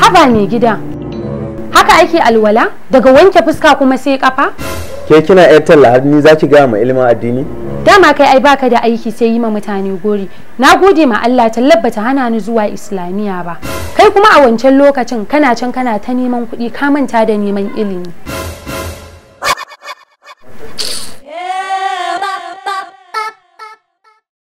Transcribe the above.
haba ne gida haka ake alwala daga wanke fuska kuma sai kafa ke kina yar talla har ni zaki ga ma ilimin addini dama kai ai baka da aiki sai yi ma mutane gori na gode ma Allah ta hana ni zuwa islamiya ba kai kuma a wancan lokacin kana can kana ta neman kuɗi ka manta da neman ilimi